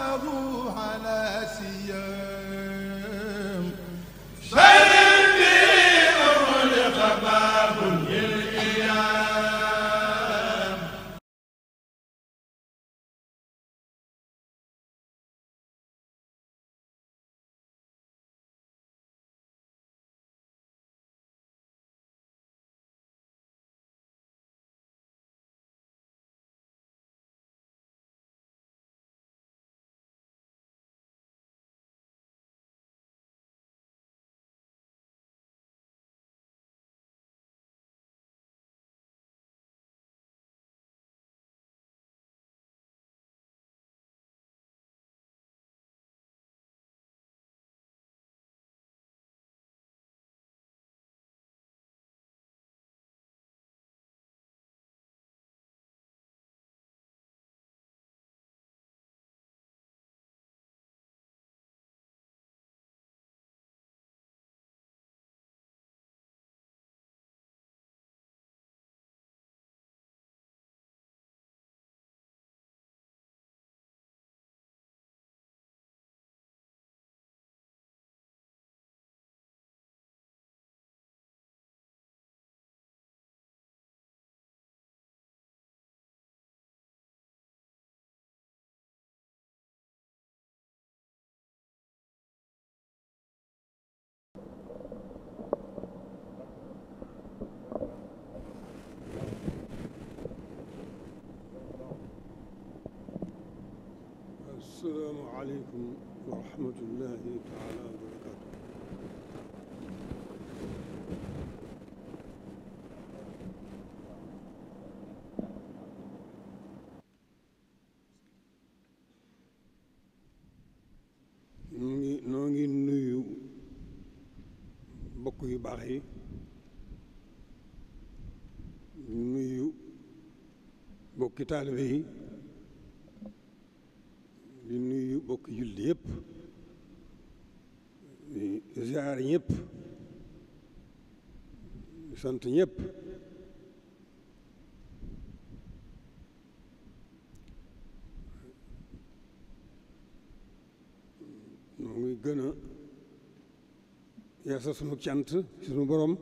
حفظوا asalaamaaleykum wa rahmatullahi taala wa barakaatu noo ngi noo ngi nuyu mbokk yu baax yi nuyu mbokki taalibe yi bokk julli yëpp ziar ñëpp sant ñëpp noo ngi gën a yeesa sunu cant sunu borom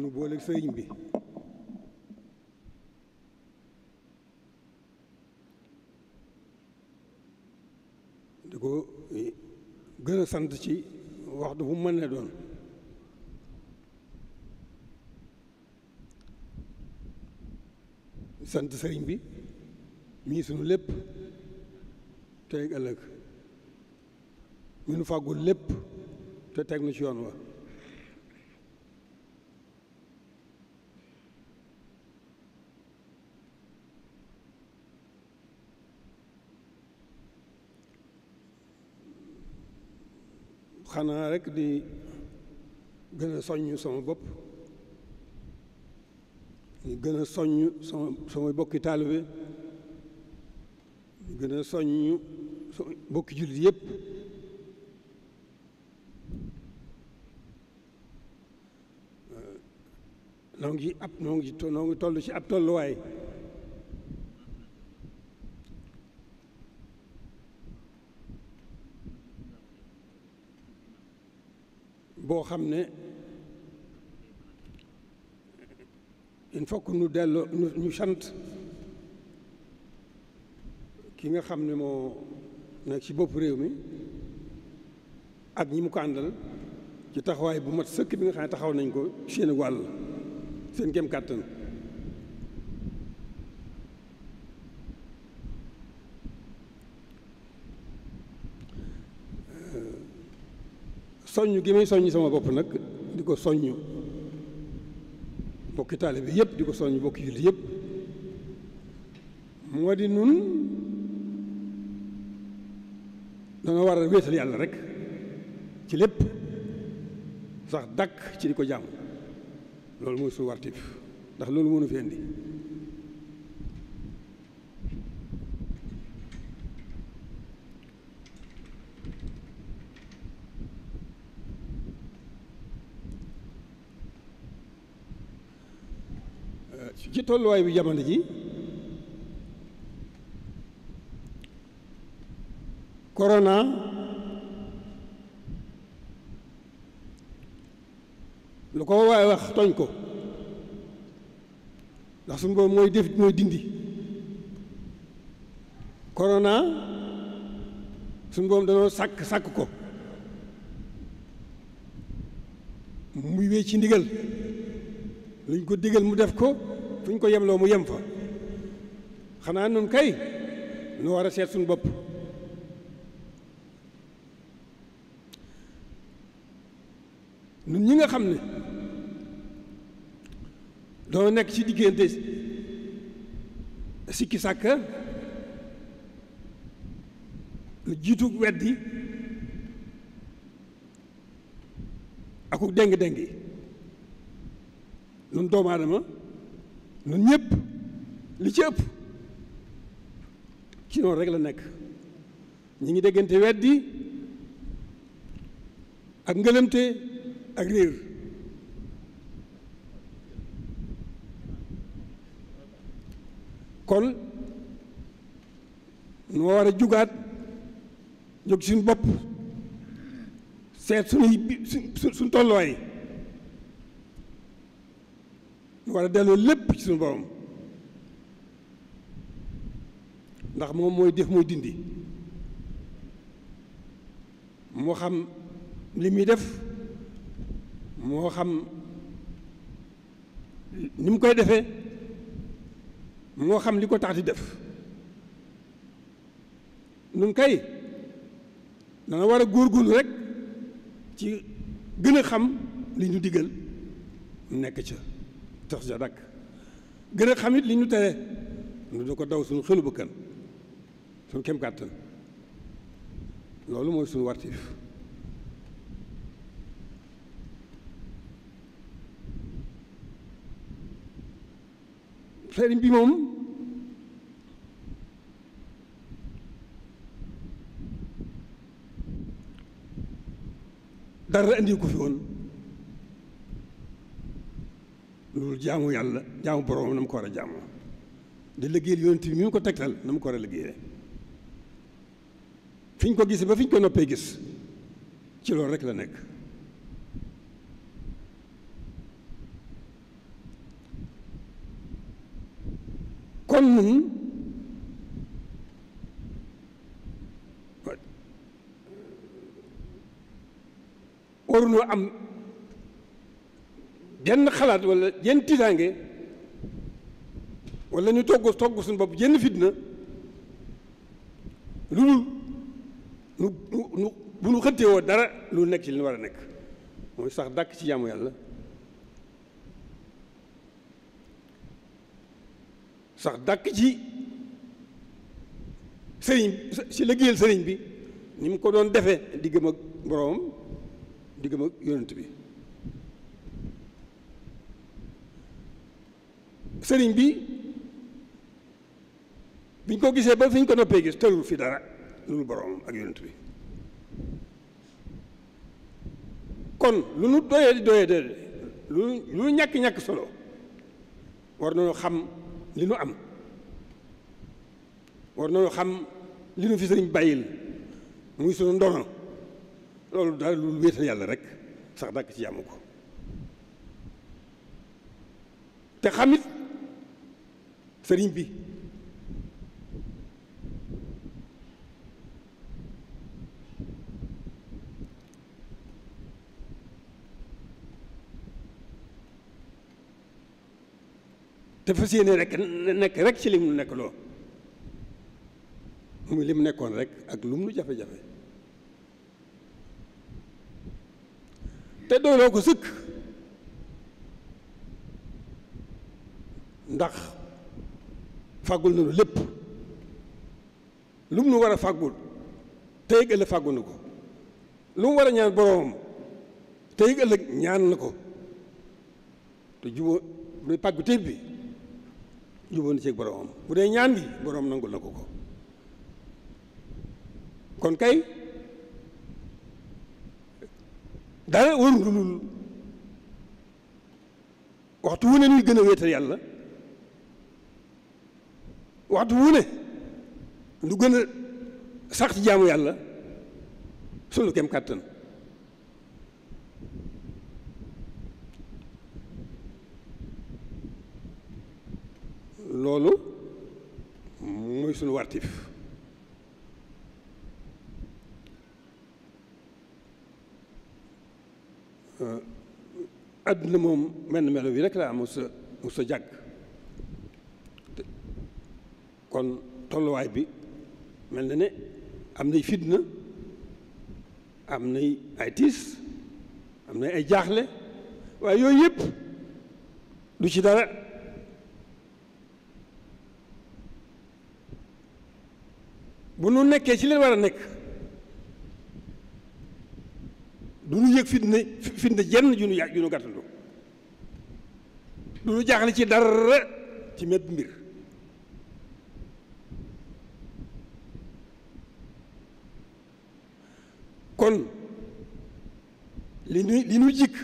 nu booleeg sëriñ bi sant ci waxtu bu mën ne doon sant sëriñ bi mii sunu lépp tey ëllëg mi nu fàggul lépp te teg na ci yoon wa xanaa rek di gën a soññ sama bopp di gën a soññ sama sama bokki taalibe di gën a soññ bokki jullit yépp noo ngi ab noo ngi ngi toll ci ab tolluwaay boo xam ne il faut que nu delloo ñu sant ki nga xam ni moo nekk ci bopp réew mi ak ñi mu ko àndal ci taxawaay bu mat sëkk bi nga xam ne taxaw nañ ko seen wàll seen kem kàttan soññ gi may soññ sama bopp nag di ko soññ bokki taalibe bi yëpp di ko soññ bokki julli yëpp moo di nun danga war a wéetal yàlla rek ci lépp sax dàkk ci di ko jàmm loolu mooy suñu wartif ndax loolu mënu fi indi tolluwaay bi jamono ji corona lu ko waaye wax tooñ ko ndax suñu boobu mooy def mooy dindi korona suñu boobu danoo sàkk sàkk ko muy wéy ci ndigal luñ ko digal mu def ko fu ñu ko yemloo mu yem fa xanaa nun kay nu war a seet suñu bopp nun ñi nga xam ne doo nekk ci diggante sikki sàkka lu jiitu weddi akuk déng-déng yi nun doomu aadama ñun ñëpp li ci ëpp ci noonu rek la nekk ñi ngi déggante weddi ak ngëlëmte ak réer kon noo war a jugaat jóg suñu bopp seet suñuy suñ suñ tolluwaay war a delloo lépp ci suñu borom ndax moom mooy def mooy dindi moo xam li muy def moo xam ni mu koy defee moo xam li ko tax di def nun kay dana war a góor góorgóorlu rek ci gën a xam li ñu digal nekk ca tos ja dakk gën a xamit li ñu tere nu du ko daw suñu xelu bëkkan suñu kem kàttan loolu mooy suñu wartiif sëriñ bi moom dara indi ko fi woon loolu jaamu yàlla jaamu boroomam na mu ko war a jaamoo di liggéeyal yonent bi mi mu ko tegtal na mu ko war a liggéeyee fi ñu ko gisee ba fi ñu ko noppee gis ci loolu rek la nekk kon nun waruñoo am jenn xalaat walla jenn tiitaange wala ñu togg togg suñu bopp jenn fitna lu nu nu bu nu xëttewoo dara lu nekk ci li war a nekk mooy sax dàkk ci jaamu yàlla sax dàkk ci sëriñ si liggéeyal sëriñ bi ni mu ko doon defee diggam ak boroomam diggam ak yonent bi sëriñ bi biñ ko gisee ba fi ñu ko noppee gis tëlul fi dara lu borom ak yonent bi kon lu nu doyee di doyee de lu lu ñàkk-ñàkk solo war nañu xam li nu am war nañu xam li nu fi sëriñ bàyyil muy sunu ndono loolu daal lu wéetal yàlla rek sax dàkk ci yàmm ko te xamit sëriñ bi te fas yéene rek nekk rek ci li mu nekk loo muy li mu nekkoon rekk ak lu mu nu jafe-jafe te dooloo ko sëkk ndax fàggul nañu lépp lu mu nu war a fàggul tey ëllëg fàggul ko lu mu war a ñaan boroom tey ëllëg ñaan na ko te jubóo muy pàgg bi tey bi jubóo na ci bu dee ñaan bi boroom nangul na ko ko kon kay dara warul waxtu wu ne ñuy gën a wéetal yàlla waxtu wu ne lu gën a sax ci jaamu yàlla sunu kem kàttan loolu mooy sunu wartif euh, àdduna moom mel na melo bi rek laa mos sa mos a jàgg kon tolluwaay bi mel na ne am nay fitna am nay ay tiis am nay ay jaaxle waaye yooyu yëpp du ci dara bu nu nekkee ci leen war a nekk du nu yëg fitna fitna jenn ju nu yaa ju nu gàttandu du nu jaaxle ci dara ci met mbir kon li nu li nu jikk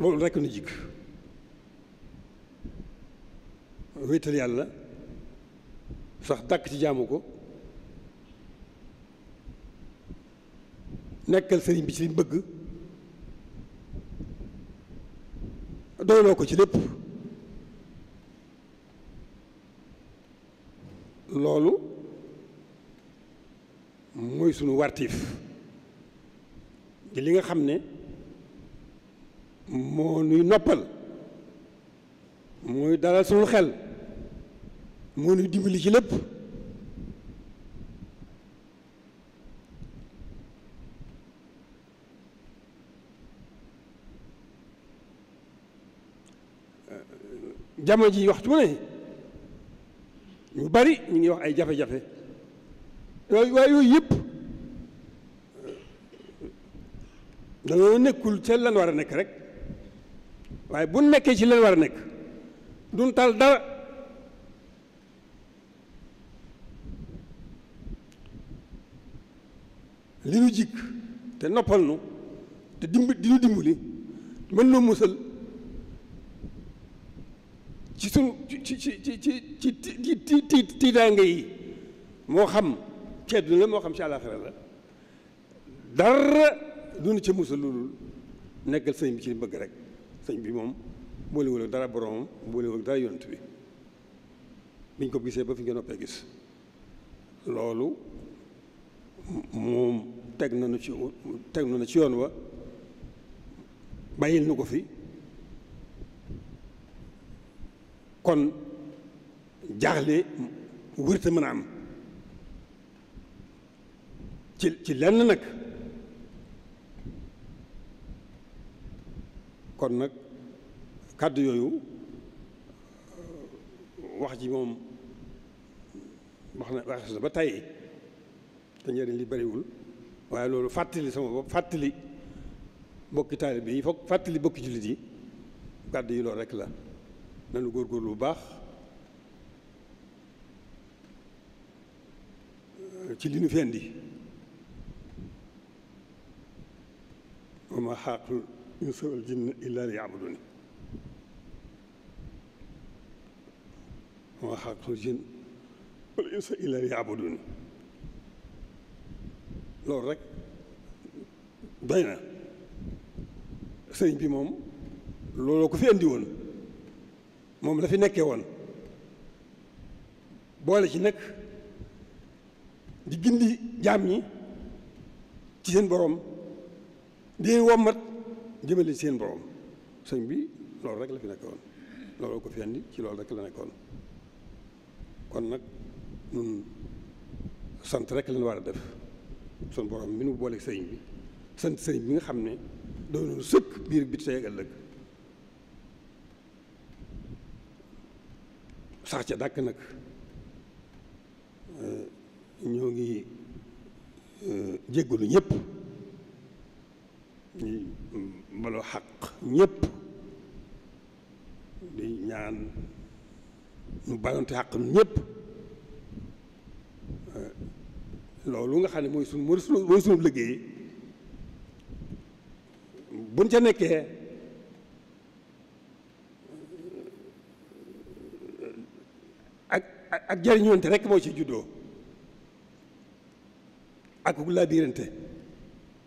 loolu rekk nu jikk wéetal yàlla sax dàkk ci jaamu ko nekkal sëriñ bi ci li bëgg doyloo ko ci lépp sunu wartiif di li nga xam ne moo nuy noppal mooy dalal sunu xel moo nuy dimbali ci lépp jamono ji waxtu ne ñu bari ñu ngi wax ay jafe-jafe waaye yooyu yëpp dañoo nekkul ca lan war a nekk rek waaye bu nekkee ci lan war a nekk duñ tal dara li nu jikk te noppal nu te dimb di nu dimbali mën nu musal ci sunu ci ci ci ci tiitaange yi moo xam ci àdduna la moo xam ci àllaaxira la dara lu nu ca musal nekkal sëñ bi ci bëgg rek sëñ bi moom boolewul dara boromam boolewul ak dara yonent bi biñ ko gisee ba fi nga noppee gis loolu moom teg nañu ci teg nañu ci yoon wa bàyyil nu ko fi kon jaaxle wërta mën a am ci ci lenn nag kon nag kàddu yooyu wax ji moom wax na wax na ba tey te njëriñ li bariwul waaye loolu fàttali sama bopp fàttali bokki taalibe bi foog fàttali bokki jullit yi kàddu yi loolu rek la nanu góorgóorlu bu baax euh, ci li nu fi indi ma xaaqul insa wal jinna illaa liya'buduni wa loolu rek bay na sëriñ bi moom looloo ko fi andi woon moom la fi nekkee woon boole ci nag di gindi jaam ñi ci seen boroom di wommat jëmale seen borom sëñ bi loolu rek la fi nekkoon looloo ko fi andi ci loolu rek la nekkoon kon nag ñun sant rek lañ war a def sun borom mi boole booleeg sëñ bi sant sëñ bi nga xam ne doon sëkk biir bi tey ëllëg sax ca dàkk nag eh, ñoo ngi eh, jéggalu ñëpp. mbalu mm, xaq ñëpp di ñaan mu bàyyonte xaqam ñëpp eh, loolu nga xam ne mooy sunu mooy sunu mooy sunu liggéey buñ ca nekkee eh, ak ak jariñoonte rek moo ci juddoo ak ku laa diirante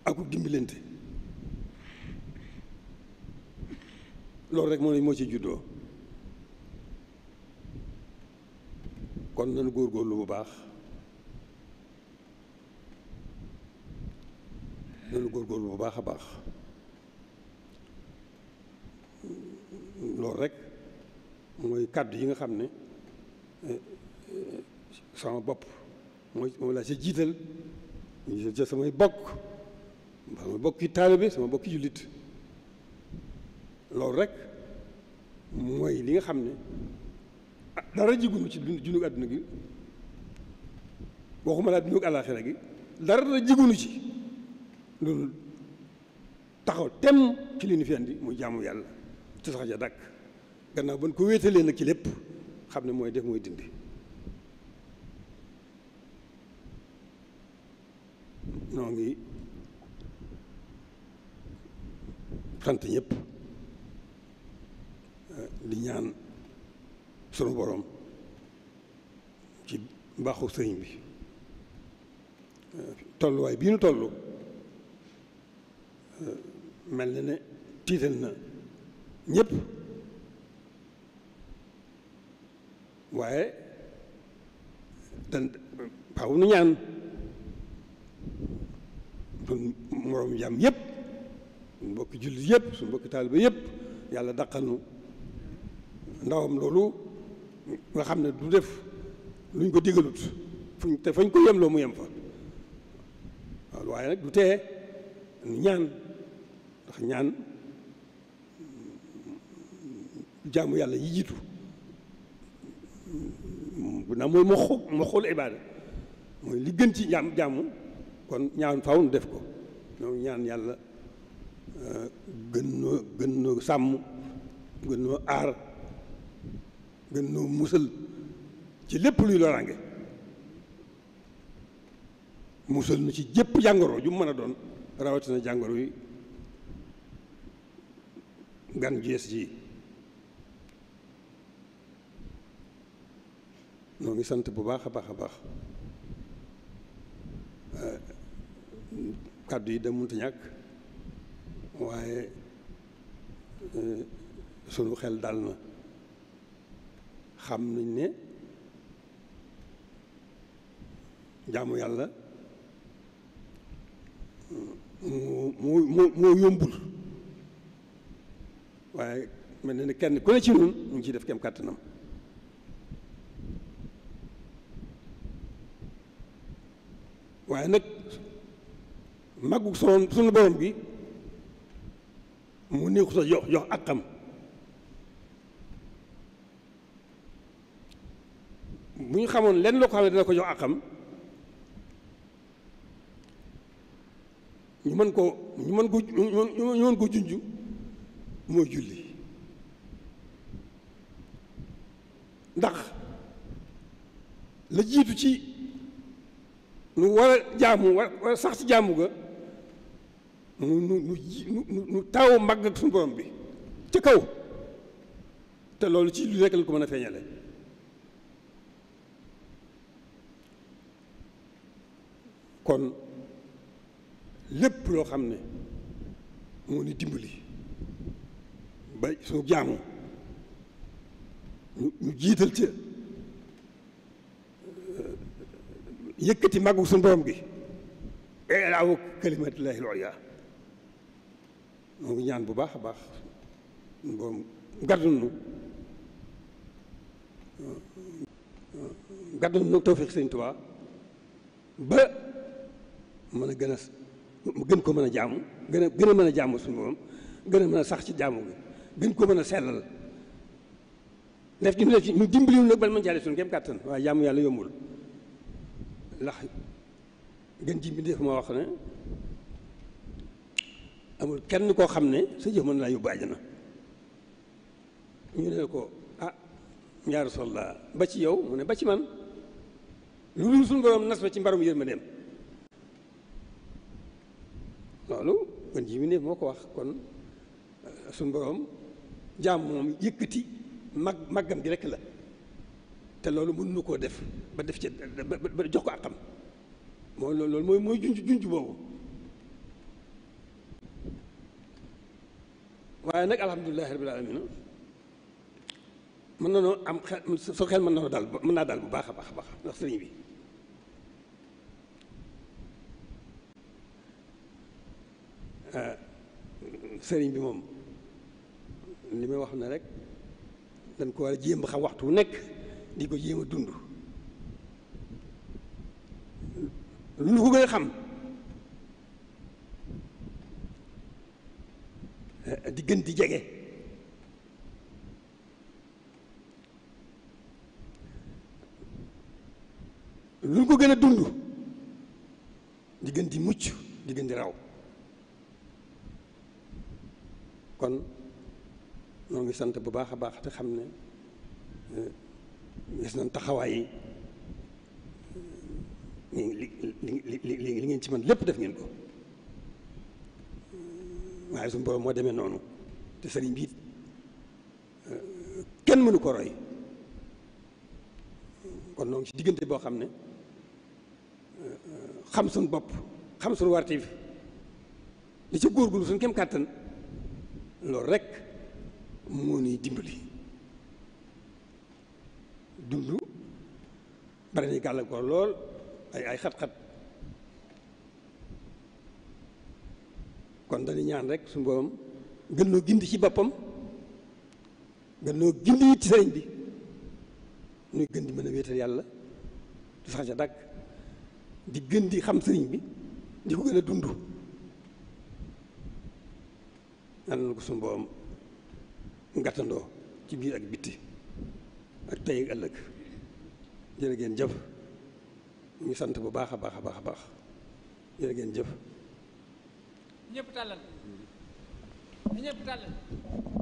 ak ku dimbilante loolu rek moo ne moo ci juddoo kon nañu góorgóorlu bu baax nañu góorgóorlu bu baax a baax loolu rek mooy kàddu yi nga xam ne eh, sama bopp mooy moom laa ci jiital ñu jiital ca samay bokk samay bokki taalibe sama bokki jullit loolu rek mooy li nga xam ne dara jigunu ci junug àdduna gi waxuma laa junug àllaaxira gi dara jigunu ci loolu taxaw tem ci li ñu fi jaamu yàlla te sax ja dàkk gannaaw ban ko wéetalee nag ci lépp xam ne mooy def mooy dindi noo ngi sant ñëpp di ñaan sunu boroom ci mbaaxu sëriñ bi tolluwaay bii nu toll mel na ne tiital na ñëpp waaye dan faaw nu ñaan sunu moroom jàmm yëpp suñu mbokki jullit yëpp suñu mbokki taaliba yëpp yàlla daqanu ndawam loolu nga xam ne du def luñ ko digalut fuñ te fañ ko yem loo mu yem fa waaw waaye nag du tee ñaan ndax ñaan jaamu yàlla yi jiitu bu naa mooy moxu moxul ibaada mooy li gën ci jaam jaamu kon ñaan faw nu def ko ñoom ñaan yàlla euh, gën noo gën noo sàmm gën noo aar gën noo musal ci lépp luy loraange musal nu ci jëpp jàngoro ju mën a doon rawatina jàngoro yi gan jees ji noo ngi sant bu baax a baax a baax eh, kàddu yi da mënta ñàkk waaye eh, sunu xel dal na xam nañ ne jaamu yàlla moo moo moo yombul waaye mel na ne kenn ku ne ci ñun ñu ngi ciy def kem kàttanam waaye nag màggu son sunu borom bi mu néexu sa jox jox ak xam bu ñu xamoon lenn loo ko xam ne dina ko jox àqam ñu mën ko ñu mën ko ñu mën ko junj mooy julli ndax la jiitu ci lu war a jaamu war sax ci jàmm ga nu nu nu nu taaw mag ak suñu borom bi ca kaw te loolu ci lu rekk lañ ko mën a feeñale kon lépp loo xam ne moo ni dimbali ba suñu jaamu ñu jiital ca euh, yëkkati màggu suñu borom gi eelaawu kalimatillahi loya moo ngi ñaan bu baax a baax borom gàddunu gàddunu nag tawfiq sëñ Tuubaa ba mën a gën a gën ko mën a jaamu gën a gën a mën a jaamu suñu moom gën a mën a sax ci jaamu bi gën ko mën a sellal def ci ñu def ci ñu dimbaliwul nag bal mën jaale suñu kàttan waaye jaamu yàlla yombul ndax gën ji bi def moo wax ne amul kenn koo xam ne sa jëf mën laa yóbbu àjjana ñu ne ko ah yaa Rasulallah ba ci yow mu ne ba ci man lu dul suñu borom nas ba ci mbarum yërmandeem loolu gën ji mi moo ko wax kon euh, su borom jaam moom yëkkati mag màggam gi rekk la te loolu mën nu koo def ba def ci ba jox ko ak àqam moo loolu mooy mooy junj junj boobu waaye nag alhamdulilahi rabbil alamina mën na noo am xel soo xel mën na noo daal mën naa daal bu baax a baax a baax ndax sëriñ bi Euh, sëriñ bi moom li may wax ne rek dañ ko war a jéem a xam waxtu wu nekk di ko jéem a dund lu ko gën a xam euh, di gën di jege lu ko gën a dund di gën di mucc di gën di raw kon ñoo ngi sant bu baax a baax te xam ne eh, gis nañ taxawaay yi eh, li li li ngeen ci man lépp def ngeen ko eh, waaye suñu borom moo demee noonu te sëriñ bi kenn mënu ko roy kon noo ngi ci diggante boo xam ne xam suñ bopp xam suñ warti fi li ci góorgóorlu suñ kem kàttan loolu rekk moo nuy dimbali dundu bari na gàllankoor lool ay ay xat-xat kon dañu ñaan rekk su borom gën noo gindi ci boppam gën noo gindi ci sëriñ bi nuy gën di mën a wéetal yàlla di sax ca dàkk di gën di xam sëriñ bi di ko gën a dundu yàlla na ko suñu borom gàttandoo ci biir ak bitti ak tey ak ëllëg jërë geen jëf ñu sant bu baax a baax a baax a baax jërë ngeen jëf ñëpp tàllal ñëpp tàllal